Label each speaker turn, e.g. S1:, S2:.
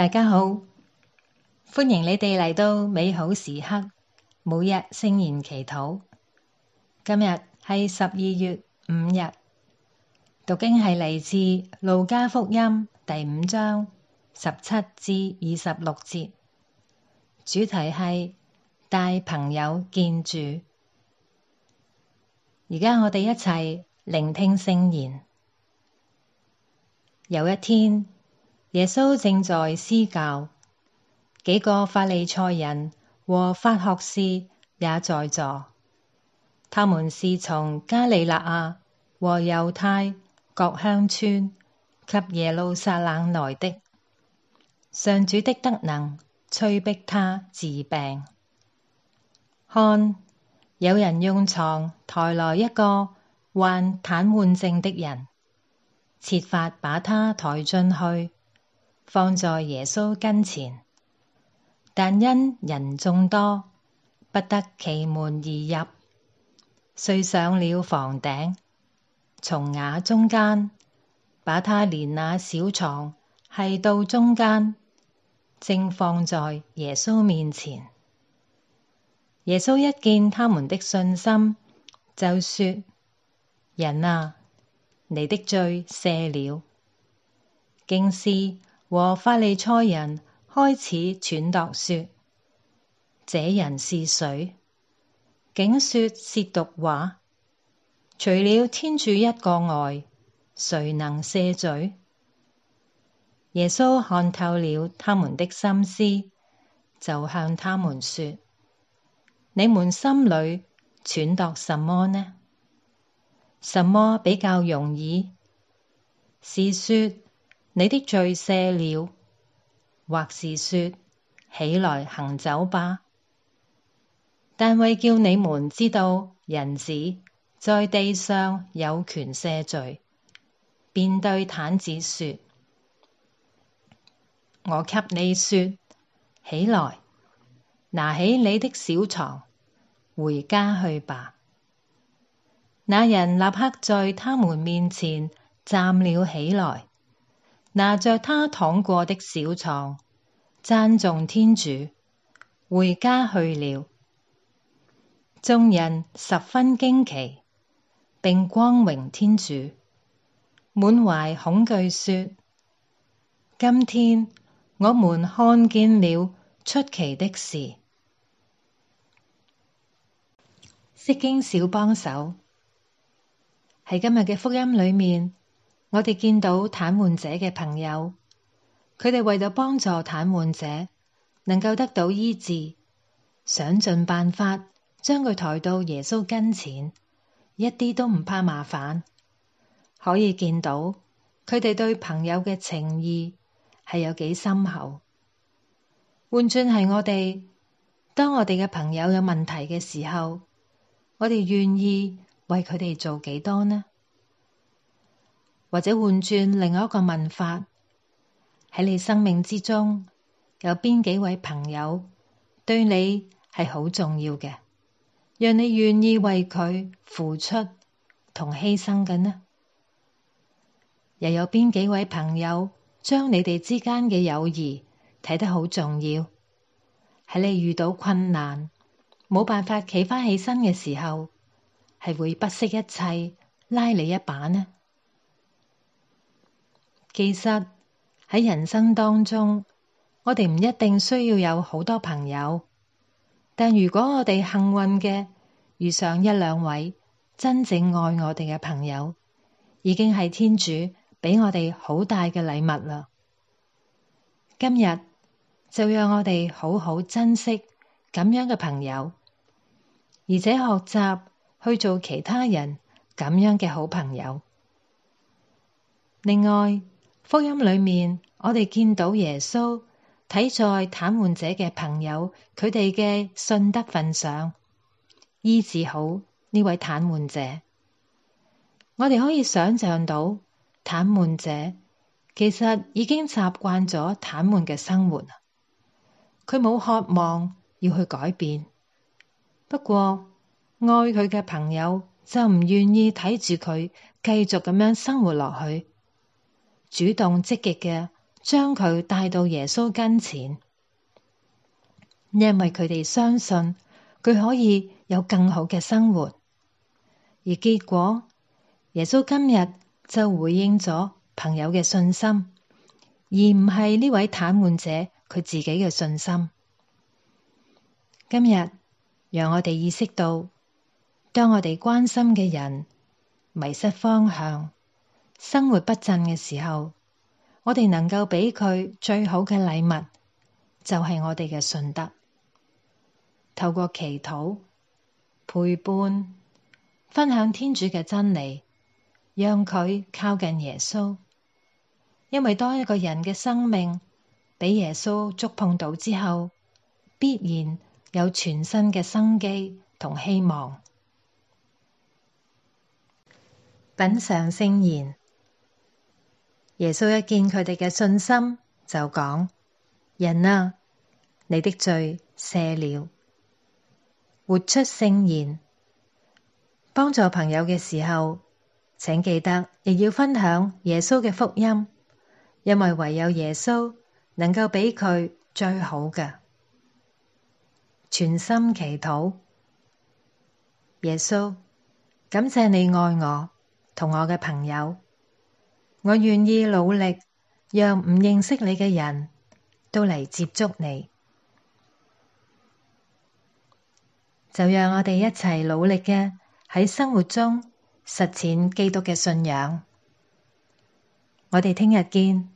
S1: 大家好，歡迎你哋嚟到美好時刻，每日聖言祈禱。今日係十二月五日，讀經係嚟自路加福音第五章十七至二十六節，主題係帶朋友見主。而家我哋一齊聆聽聖言。有一天。耶穌正在施教，幾個法利賽人和法學士也在座。他們是從加里肋亞和猶太各鄉村及耶路撒冷來的。上主的德能催迫他治病。看，有人用床抬來一個患癱瘓症的人，設法把他抬進去。放在耶穌跟前，但因人眾多，不得其門而入，遂上了房頂，從瓦中間把他連那小床繫到中間，正放在耶穌面前。耶穌一見他們的信心，就說：人啊，你的罪赦了，經師。和法利賽人開始揣度說：這人是誰？竟說褻瀆話。除了天主一個外，誰能赦罪？耶穌看透了他們的心思，就向他們說：你們心裡揣度什麼呢？什麼比較容易？是說。你的罪赦了，或是說起來行走吧。但為叫你們知道，人子在地上有權赦罪，便對癱子說：我給你說起來，拿起你的小床，回家去吧。那人立刻在他們面前站了起來。拿着他躺過的小床，讚頌天主，回家去了。眾人十分驚奇，並光榮天主，滿懷恐懼說：今天我們看見了出奇的事。釋經小幫手喺今日嘅福音裏面。我哋見到癱瘓者嘅朋友，佢哋為咗幫助癱瘓者能夠得到醫治，想盡辦法將佢抬到耶穌跟前，一啲都唔怕麻煩。可以見到佢哋對朋友嘅情誼係有幾深厚。換轉係我哋，當我哋嘅朋友有問題嘅時候，我哋願意為佢哋做幾多呢？或者換轉另外一個問法，喺你生命之中有邊幾位朋友對你係好重要嘅，讓你願意為佢付出同犧牲嘅呢？又有邊幾位朋友將你哋之間嘅友誼睇得好重要？喺你遇到困難冇辦法企翻起身嘅時候，係會不惜一切拉你一把呢？其實喺人生當中，我哋唔一定需要有好多朋友，但如果我哋幸運嘅遇上一兩位真正愛我哋嘅朋友，已經係天主畀我哋好大嘅禮物啦。今日就讓我哋好好珍惜咁樣嘅朋友，而且學習去做其他人咁樣嘅好朋友。另外。福音裏面，我哋見到耶穌睇在癱瘓者嘅朋友佢哋嘅信德份上，醫治好呢位癱瘓者。我哋可以想象到，癱瘓者其實已經習慣咗癱瘓嘅生活，佢冇渴望要去改變。不過，愛佢嘅朋友就唔願意睇住佢繼續咁樣生活落去。主動積極嘅將佢帶到耶穌跟前，因為佢哋相信佢可以有更好嘅生活。而結果，耶穌今日就回應咗朋友嘅信心，而唔係呢位癱瘓者佢自己嘅信心。今日讓我哋意識到，當我哋關心嘅人迷失方向，生活不振嘅時候，我哋能夠畀佢最好嘅禮物，就係、是、我哋嘅信德。透過祈禱、陪伴、分享天主嘅真理，讓佢靠近耶穌。因為當一個人嘅生命俾耶穌觸碰到之後，必然有全新嘅生機同希望。品嘗聖言。耶穌一見佢哋嘅信心，就講：人啊，你的罪赦了。活出聖言。幫助朋友嘅時候，請記得亦要分享耶穌嘅福音，因為唯有耶穌能夠畀佢最好嘅。全心祈禱。耶穌，感謝你愛我同我嘅朋友。我願意努力，讓唔認識你嘅人都嚟接觸你。就讓我哋一齊努力嘅喺生活中實踐基督嘅信仰。我哋聽日見。